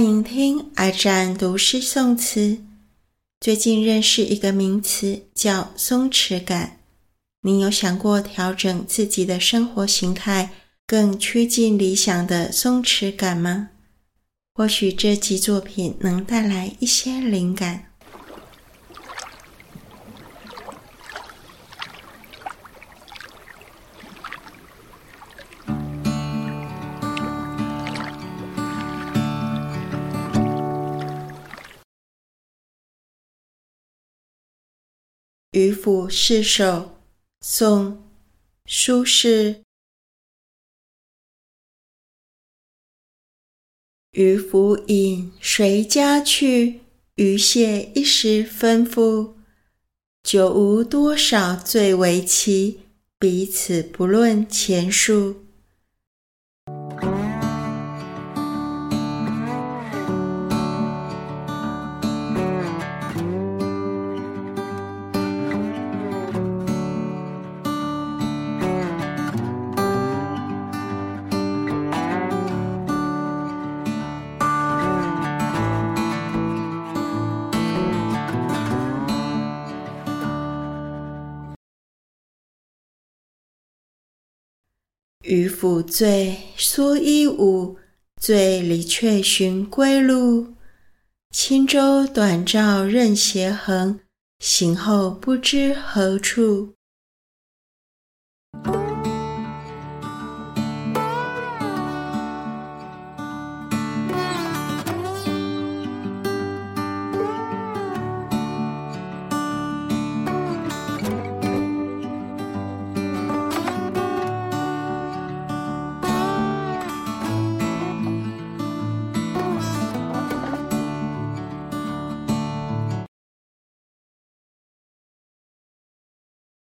歡迎聆聽愛占讀詩宋詞。最近認識一個名詞叫鬆弛感，你有想過調整自己的生活形態，更趨近理想的鬆弛感嗎？或許這集作品能帶來一些靈感。漁父四首，宋·蘇軾。漁父飲誰家去？魚蟹一時分付。酒無多少醉為期。彼此不論錢數。漁父醉，蓑衣舞。醉裡卻尋歸路。輕舟短棹任斜橫。醒後不知何處。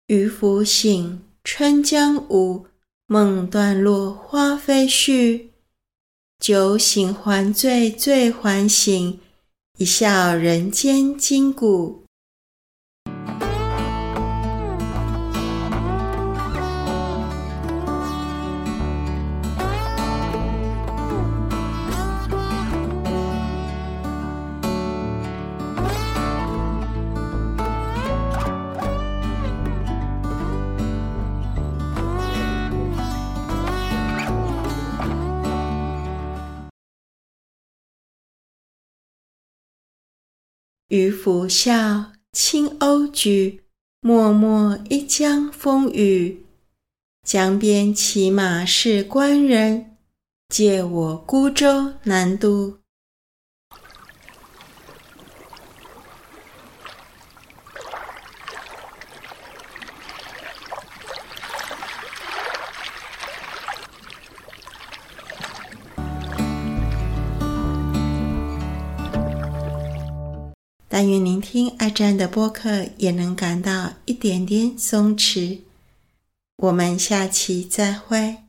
漁父醒，春江午，夢斷落花飛絮。酒醒還醉，醉還醒，一笑人間今古。漁父笑，輕鷗舉，漠漠一江風雨。江邊騎馬是官人，借我孤舟南渡。但願聆聽愛戰的播客，也能感到一點點鬆弛。我們下期再會。